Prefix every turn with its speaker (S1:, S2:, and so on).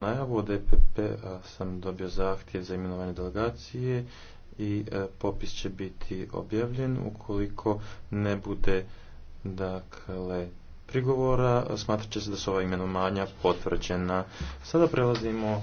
S1: najavu od EPP sam dobio zahtjev za imenovanje delegacije i e, popis će biti objavljen ukoliko ne bude dakle prigovora smatrat će se da su ova imenovanja potvrđena. Sada
S2: prelazimo